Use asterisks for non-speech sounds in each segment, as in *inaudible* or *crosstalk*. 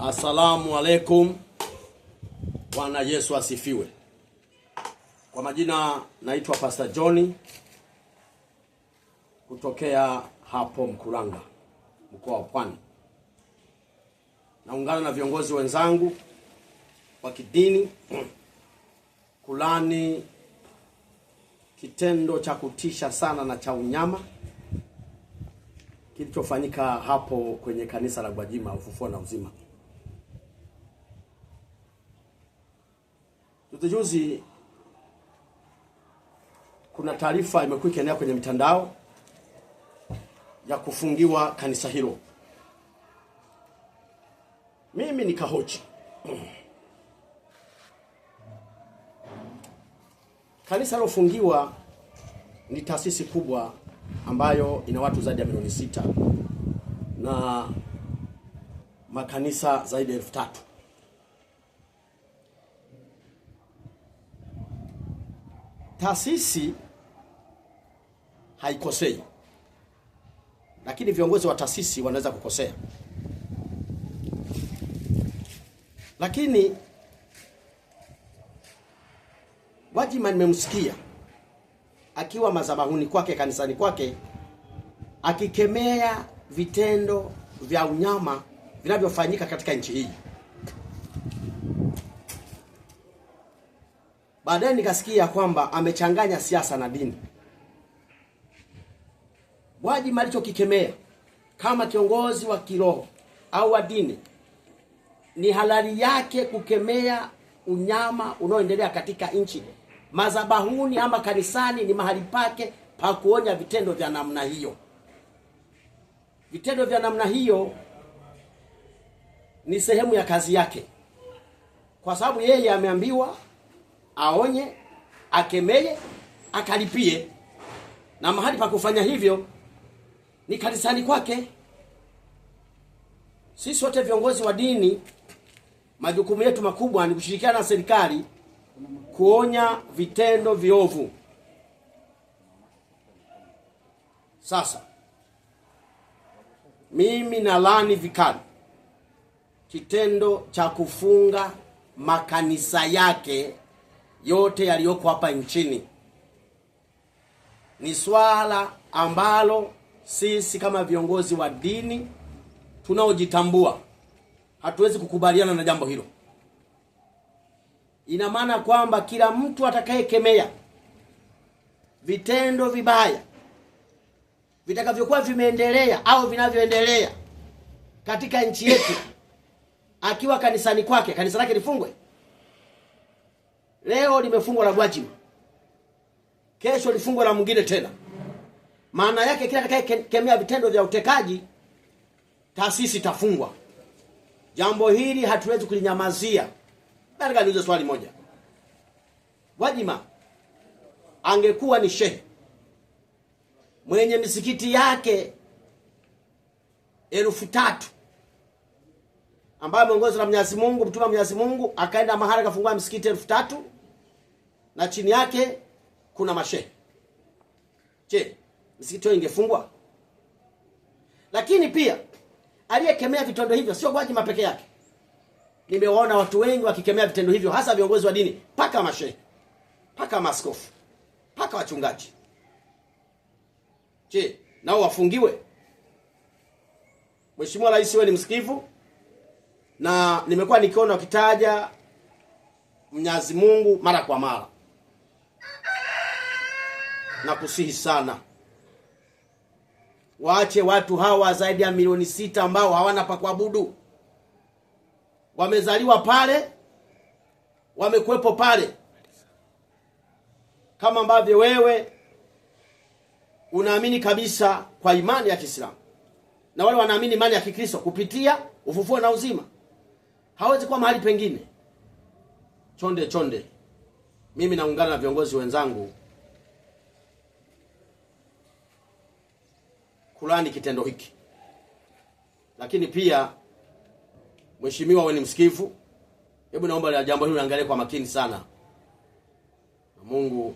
Asalamu alaikum. Bwana Yesu asifiwe. Kwa majina naitwa Pastor John kutokea hapo Mkuranga, mkoa wa Pwani. Naungana na viongozi wenzangu wa kidini *clears throat* kulani kitendo cha kutisha sana na cha unyama kilichofanyika hapo kwenye kanisa la Gwajima ufufua na Uzima. Juzi juzi kuna taarifa imekuwa ikienea kwenye mitandao ya kufungiwa kanisa hilo. Mimi nikahoji *clears throat* kanisa lilofungiwa ni taasisi kubwa ambayo ina watu zaidi ya milioni sita na makanisa zaidi ya elfu tatu. taasisi haikosei, lakini viongozi wa taasisi wanaweza kukosea. Lakini Gwajima nimemsikia akiwa madhabahuni kwake kanisani kwake akikemea vitendo vya unyama vinavyofanyika katika nchi hii. Baadaye nikasikia kwamba amechanganya siasa na dini. Gwajima alichokikemea kama kiongozi wa kiroho au wa dini, ni halali yake kukemea unyama unaoendelea katika nchi. Madhabahuni ama kanisani ni mahali pake pa kuonya vitendo vya namna hiyo. Vitendo vya namna hiyo ni sehemu ya kazi yake, kwa sababu yeye ameambiwa aonye, akemeye, akalipie, na mahali pa kufanya hivyo ni kanisani kwake. Sisi wote viongozi wa dini, majukumu yetu makubwa ni kushirikiana na serikali kuonya vitendo viovu. Sasa mimi nalaani vikali kitendo cha kufunga makanisa yake yote yaliyoko hapa nchini. Ni swala ambalo sisi kama viongozi wa dini tunaojitambua hatuwezi kukubaliana na jambo hilo. Ina maana kwamba kila mtu atakayekemea vitendo vibaya vitakavyokuwa vimeendelea au vinavyoendelea katika nchi yetu akiwa kanisani kwake, kanisa lake lifungwe? Leo limefungwa la Gwajima, kesho lifungwa la mwingine tena. Maana yake kila atakayekemea vitendo vya utekaji, taasisi tafungwa. Jambo hili hatuwezi kulinyamazia. Nataka niulize swali moja, Gwajima angekuwa ni shehe mwenye misikiti yake elfu tatu ambayo ameongozwa na Mwenyezi Mungu, mtume wa Mwenyezi Mungu akaenda mahali akafungua misikiti elfu tatu na chini yake kuna mashehe. Je, misikiti ingefungwa? Lakini pia aliyekemea vitendo hivyo sio Gwajima peke yake. Nimewaona watu wengi wakikemea vitendo hivyo, hasa viongozi wa dini, mpaka mashehe, mpaka maskofu mpaka wachungaji. Je, nao wafungiwe? Mheshimiwa Rais, wewe ni msikivu, na nimekuwa nikiona ukitaja mnyazi Mungu mara kwa mara na kusihi sana waache watu hawa zaidi ya milioni sita ambao hawana pa kuabudu. Wamezaliwa pale, wamekuwepo pale, kama ambavyo wewe unaamini kabisa kwa imani ya Kiislamu na wale wanaamini imani ya Kikristo kupitia ufufuo na uzima. Hawezi kuwa mahali pengine. Chonde chonde, mimi naungana na viongozi wenzangu kulani kitendo hiki. Lakini pia mheshimiwa, wewe ni msikivu, hebu naomba la jambo hili liangalie kwa makini sana, na Mungu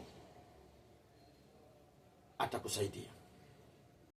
atakusaidia.